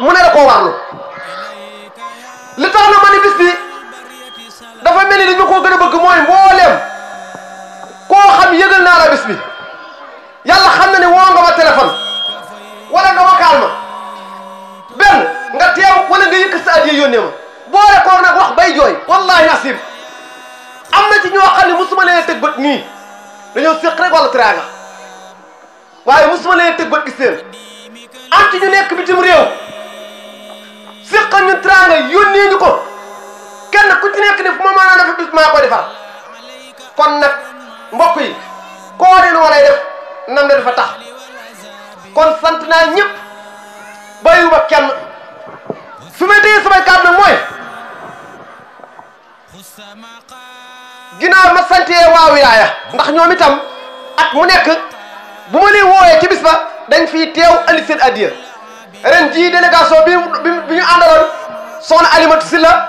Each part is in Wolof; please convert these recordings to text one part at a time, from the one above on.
mune la ko warlu li tax na manifeste bi dafa melni li ñu ko gën bëgg moy mbolem ko xam yëgal na la bis bi yàlla xam na ni wo nga ma téléphone wala nga ma ma ben nga teew wala nga yëk saaji yoné yónnee ma boole koor nak wax bay joy wallahi nasib amna ci ñoo xam ne musuma leen tegg ba ni dañu sekk rek wala teraanga waye musuma leen tegg ba gis seen am ci ñu nekk bitim rew séqal ñu teraanga yónnee ñu ko kenn ku ci nekk ni fu ma maanaam dafa bis maa ko defar kon nag mbokk yi koo leen war a def nam la dafa tax kon sant naa ñëpp bàyyiwuma kenn su ma dee samay kàddu mooy ginaar ma santee waa wilaaya ndax ñoom itam at mu nekk bu ma leen wooyee ci bis ba dañ fiy teew andi seen ren jii délégation bi ñu àndaloon soxna Alimatu Silla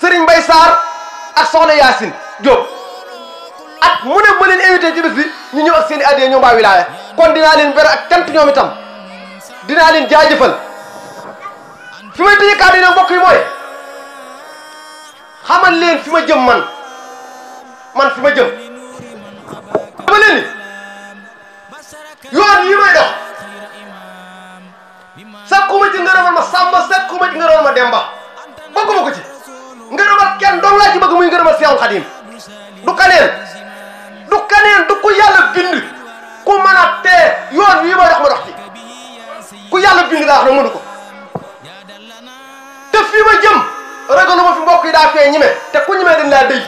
Serigne Mbaye Sarr ak soxna Yacine Diop at mu ne ma leen invité ci ñu ñëw ak seen i addiya ñoom waa wilaaya kon dinaa leen ber ak cant ñoom itam dinaa leen jaajëfal fi may tëjee kàddu yi nag mbokk yi leen fi ma jëm man man fi ma jëm dama yoon yi may sakkuma ci ngërëmal ma sàmma sakkuma ci ngërëmal ma demba bëgguma ko ci ngërëmal kenn dong laa ci bëgg muy ngërëmal Seexul Xadiim du kaneen du kaneen du ku yàlla bind ku mën a tee yoon wii ma dox ma dox ci ku yàlla bind laa wax na mënu ko te fii ma jëm ragalu ma fi mbokk yi daa fee ñime te ku ñime dañ laa dëy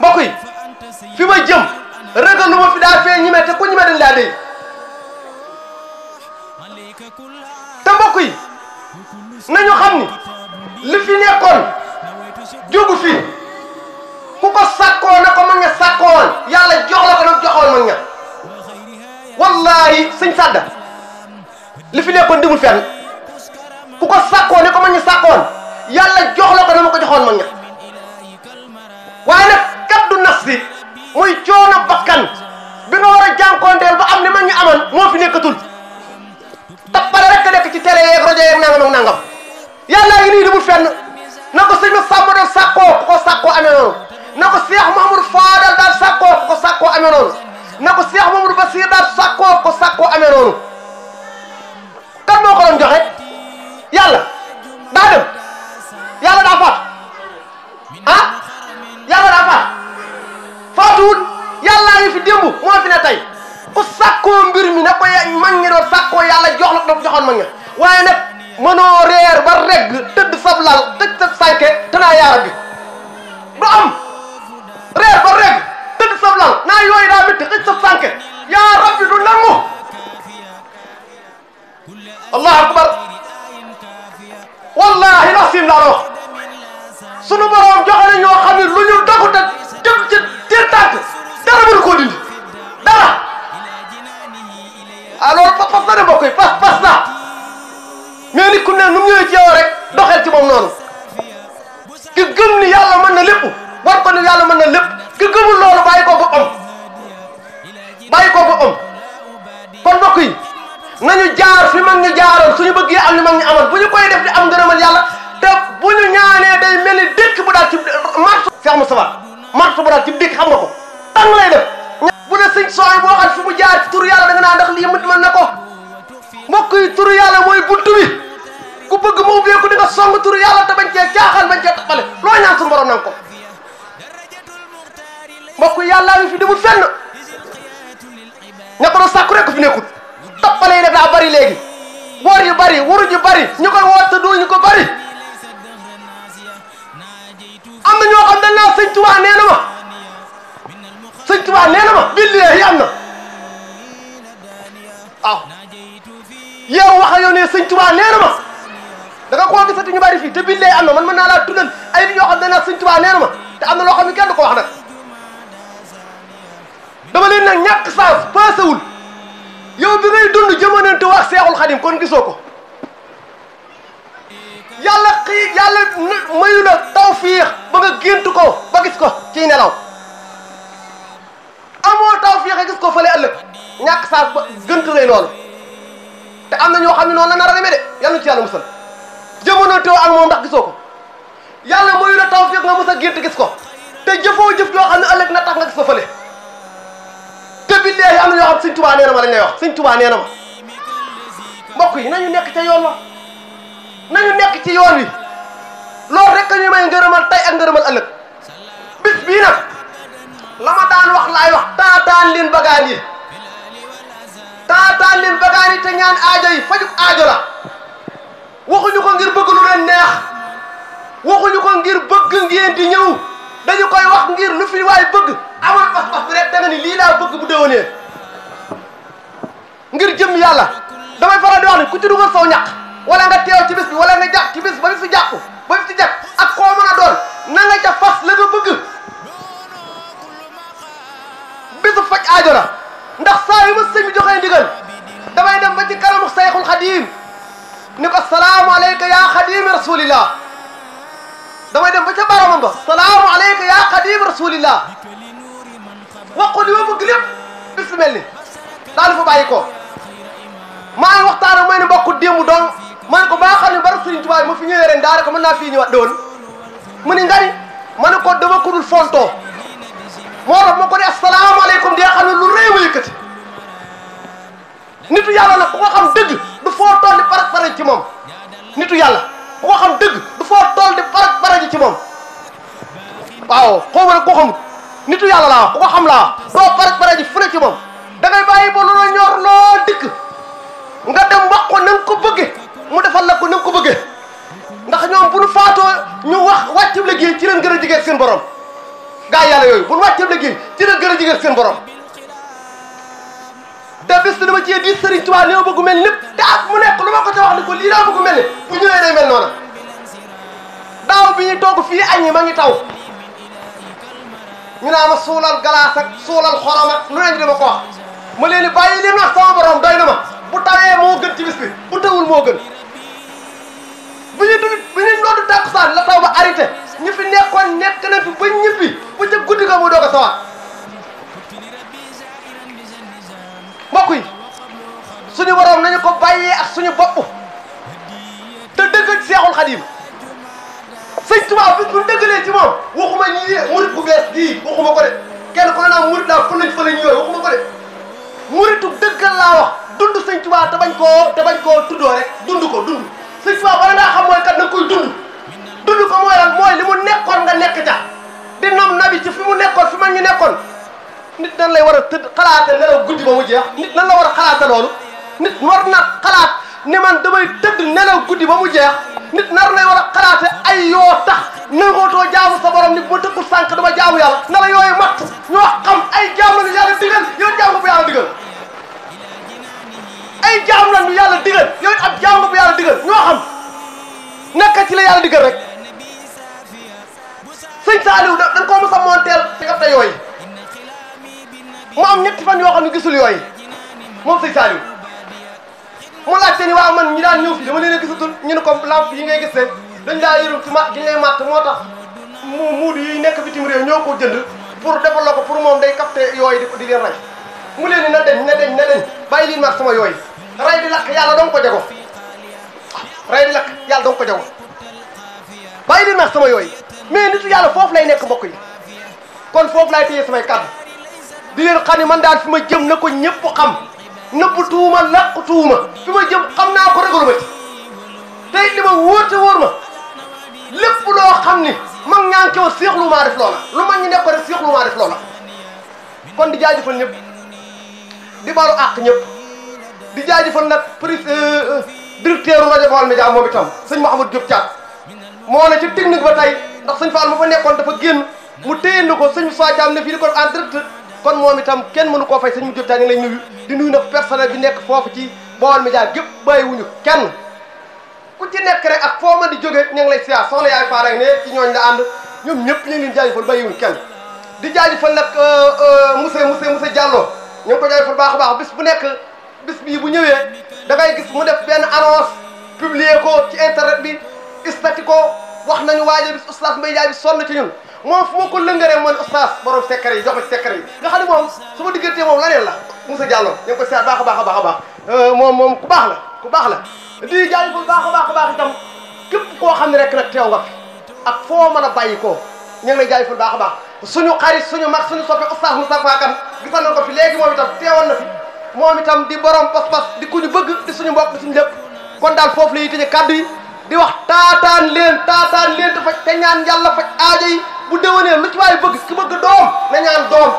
mbokk yi fi ma jëm ragalu ma fi daa laa dëy te mbokk yi nañu xam ni li fi nekkoon jógu fi ku ko sàkkoo na ko mag ña sàkkoowoon yàlla jox la ko nag joxoon mag ña wallaahi sëñ Sadda li fi nekkoon demul fenn ku ko sàkkoo ne ko mag ña sàkkoon yàlla jox la ko na ma ko joxoon mag ña na ko Cheikh Mamadou Bassir daal sàkkoo ko sàkkoo amee noonu kan moo ko doon joxe yàlla daa dem yàlla daa faat ah yàlla daa faat faatuwul yàllaa ngi fi démb moo fi ne tey ku sàkkoo mbir mi na ko mag ngi doon sàkkoo yàlla jox la doon joxoon mag nga waaye nag mënoo reer ba regg tëdd sab lal tëj sa sànke danaa yaara bi du am reer ba regg allah na yoyɗa witte qissa sanke ya rabbi ɗum nanmo allahu akbar wallahi nasim laɗo sunu borom joxane ñoo xam ne lu ñu dogute jëm ci tiir tànk dara mënu koo dindi dara alors pas pas na de mbokk yi pas pas na mais nit ku ne nu mu ñëwee ci yow rek doxeel ci moom noonu ki gëm ni yàlla mën na lépp war ko ni yàlla mën na lépp ki gëmul loolu bàyyi ko boppam bàyyi ko boppam kon mbokk yi nañu jaar fi mag ñu jaaroon suñu bëgg am li mag ñu amoon bu koy def di am ngërëmal yàlla te bu ñu day mel ni bu daal ci mars Cheikh Moustapha mars bu daal ci dëkk xam nga ko tàng lay def bu ne sëñ sooy boo mu jaar ci turu da nga ndax mbokk yi turu buntu bi ku bëgg di nga song turu yàlla te bañ cee caaxaan bañ cee tappale loo ñaan suñu borom ko yàllaa ngi fi demul fenn ña ko doon sàkku rek ko fi nekkut toppale yi daa bari léegi woor yu bari wuruj yu bari ñu koy woor te duñu ko bari am na ñoo xam dañ naa sëñ Tuubaa nee na ma sëñ Tuubaa nee na ma billaahi am na waaw yow wax a yow ne ma da nga koo gisati ñu bari fii te billaahi am na man mën naa laa tuddal ay nit ñoo xam dañ naa sëñ Tuubaa ma te am na loo xam ne kenn du ko wax nag dama leen nag ñàkk sens paasewul yow bi ngay dund jamonante wax seexul xadim kon gisoo ko yàlla xii yàlla mayu la tawfiix ba nga gént ko ba gis ko ciy nelaw amoo tawfiix a gis ko fële ëllëg ñàkk sens ba gënt rëy loolu te am na ñoo xam ne noonu la nar a demee de yàlla ci yàlla musal jamonante woo ak moom ndax gisoo ko yàlla mayu la tawfiix nga mës a gis ko te jëfoo jëf joo xam ne ëllëg na tax nga gis ko fële te billaahi am na yoo xam sëñ Tuubaa nee ma lañ lay wax sëñ na ma mbokk yi nañu nekk ca yoon na nañu nekk ci yoon wi loolu rek ñu may ngërëmal tey ak ngërëmal ëllëg bis bii nag la ma daan wax laay wax taataan leen bagaan yi taataan leen bagaan yi te ñaan aajo yi fajub aajo la ngir bëgg lu leen neex waxuñu ko ngir bëgg ngeen di ñëw dañu koy wax ngir lu fi waay bëgg amoon pas-pas bi rek da ni lii bëgg bu déwénee ngir jëm yàlla damay faral di wax ne ku ci dugal saw ñaq wala nga teew ci bis bi nga jàpp ci bis ba bis bi jàpp ba bis bi jàpp ak koo mën a nga ca fas la faj aajo la ndax saa yu ma ndigal damay dem ba ci kanamu sayxul ni ko salaamu aleyka yaa xadiim rasulillah wax ko li ma bëgg lépp bis mel ni daal fa bàyyi ko maa ngi waxtaan mooy ne mbokku démb doon ma ne ko ba xam ne barab Sëriñ Tuubaa ma fi ñëwee ren daara ko mën naa fii ñëwaat doon mu ni ngari ma ne ko dama ko dul fontoo moo tax ma ko ne asalaamaaleykum di nga xam ne lu rëy ma nitu yàlla nag ku ko xam dëgg du foo toll di parak paraj ci moom yàlla ku ko xam ci moom waaw xaw ma nag koo xamut nitu yàlla laa ku ko xam laa doo pare pare ji fële ci moom da ngay bàyyi ba loolu ñor loo dikk nga dem wax ko na ko bëggee mu defal la ko na nga ko bëggee ndax ñoom bu nu faatoo ñu wax wàccub liggéey ci leen gën a jigéen seen borom gaa yàlla yooyu bu nu wàccub liggéey ci leen gën a jigéen seen borom te bis bi dama cee di Serigne Touba li ma bëgg mel lépp te mu nekk lu ma ko ca wax ni ko lii daa bëgg mel ne bu ñëwee day mel noona daaw bi ñuy togg fii aññi ma ngi taw. ñu naa ma suulal galaas ak suulal xorom ak lu ne ñu dama ko ma leen di bàyyi lim wax sama borom doy na ma bu tawee moo gën ci bi bu tawul moo gën bu ñu dul bu ñu nootu takkusaan ñu fi nekk na bu ca guddi ko mu doog a sawaat mbokk yi suñu borom nañu ko bàyyee ak suñu bopp te dëgg Seexul Xadiim sëñ Tuubaa bis bu ñu dëggalee ci moom waxuma ñi ne murit bu bees ko de kenn ku ne naa murit laa fëlañ fëlañ yooyu waxuma ko de muritu dëggal laa wax dund sëñ Tuubaa te bañ koo te bañ koo tuddoo rek dund ko dund sëñ Tuubaa bala ngaa xam mooy kat na koy dund ko mooy lan mooy li mu nekkoon nga nekk ca di noom nabi ci fi mu nekkoon fi man nekkoon nit nan lay war a tëdd xalaate nelaw guddi ba mu jeex nit nan la war a xalaate loolu nit war na xalaat ne man damay tëdd nelaw guddi ba mu jeex nit nar lay war a xalaate ay yoo tax nangootoo jaamu sa borom ni bu ma dëkkul sànq dama jaamu yàlla na la yooyu matt ñoo xam ay jaam lañu yàlla digal yow jaamu bu yàlla digal ay jaam lañu jaamu bu yàlla nekk ci la yàlla digal rek sëñ Saliou da dañ koo mos a monteel ci ab yooyu mu am ñetti fan yoo xam ne gisul yooyu moom sëñ Saliou mu laajte ni waaw man ñi daan ñëw fii dama leen a gisatul ñu ne ko lamp yi ngay gisee dañ daa yëru ci ma gi ngay màtt moo tax mu muudu yi nekk bitim réew ñoo ko jënd pour développer ko pour moom day capter yooyu di leen rey mu leen ni na deñ na deñ na deñ bàyyi liin a sama yooyu rey di lakk yàlla dong ko jago rey di lakk yàlla dong ko jago bàyyi liin maag sama yooyu mais nit yàlla foofu lay nekk mbokk yi kon foofu laay téye samay kàddu di leen xam ne man daal fi ma jëm na ko ñëpp xam nëbb tuuma làq tuuma fi ma jëm xam naa ko régalu ma ci tey li ma woo te wóor ma lépp loo xam ni mag ñaa ngi ko seexlu maa def loola lu mag ñi nekk rek seexlu maa loo loola kon di jaajëfal ñëpp di baalu àq ñëpp di jaajëfal nag pri euh, euh, directeur rajo Baol Média moom itam sëñ Mouhamadou Diop Thiat moo ne ci technique ba tey ndax sëñ Fall ma fa nekkoon dafa génn mu téye na ko sëñ Moussa Thiam ne fii di ko en direct kon moom itam kenn mënu koo fay sëñ mu jot taal ñu lay nuyu di nuyu nag personnel bi nekk foofu ci Baol Médias gépp bàyyiwuñu kenn ku ci nekk rek ak foo mën di jóge ñu ngi lay siyaar soxna yaay faa rek ne ci ñooñ la ànd ñoom ñëpp ñu ngi leen jaajëfal bàyyiwuñu kenn di jaajëfal nag euh, euh, monsieur monsieur monsieur Diallo ñu ngi ko jaajëfal baax a baax bis bu nekk bis bii bu ñëwee da ngay gis mu def benn annonce publier ko ci internet bi istati ko wax nañu waajo bis oustaz Mbaye Ndiaye bi sonn ci ñun moo fu ma ko lëngaree man oustaz borom secret yi jox ma secret yi nga xam ne moom su ma diggantee moom laneen la Moussa Diallo ñu ngi ko seet baax a baax baax a baax euh, moom ku baax la ku baax la di jaay ko baax a baax a baax itam képp koo xam ne rek nag teew nga fi ak foo mën a bàyyi koo ñu ngi lay jaay ful baax a baax suñu xarit suñu mag suñu soppe oustaz Moussa Fakan gisoon nañ fi léegi moom itam teewoon na fi moom itam di borom pas-pas di ku ñu bëgg di suñu mbokk di suñu lépp kon daal foofu la ñuy kaddu yi di wax taataan leen taataan leen te faj te ñaan yàlla faj aajo yi bu déwénee lu ci waay bëgg ki bëgg doom na ñaan doom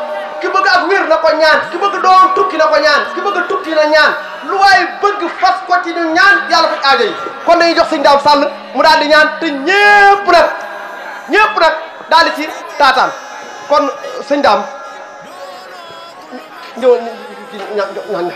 ki bëgg ak wér na ko ñaan ki bëgg doom tukki na ko ñaan ki bëgg tukki na ñaan lu waay bëgg fas ko ci ñu ñaan yàlla faj aajo yi kon dañuy jox sëñ daam sàll mu daal di ñaan te ñépp nag ñépp nag daal di ci taataan kon sëñ daam ñaan